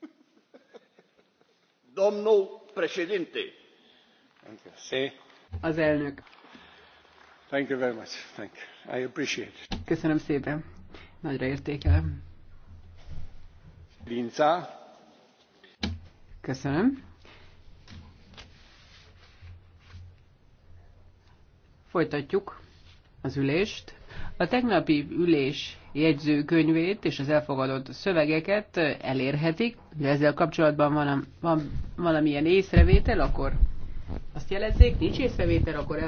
Domnul președinte. Az elnök. Thank you very much. Thank you. I appreciate it. Köszönöm szépen. Nagyra értékelem. Linca. Köszönöm. Folytatjuk az ülést. A tegnapi ülés jegyzőkönyvét és az elfogadott szövegeket elérhetik. De ezzel kapcsolatban van, van valamilyen észrevétel, akkor azt jelezzék, nincs észrevétel, akkor el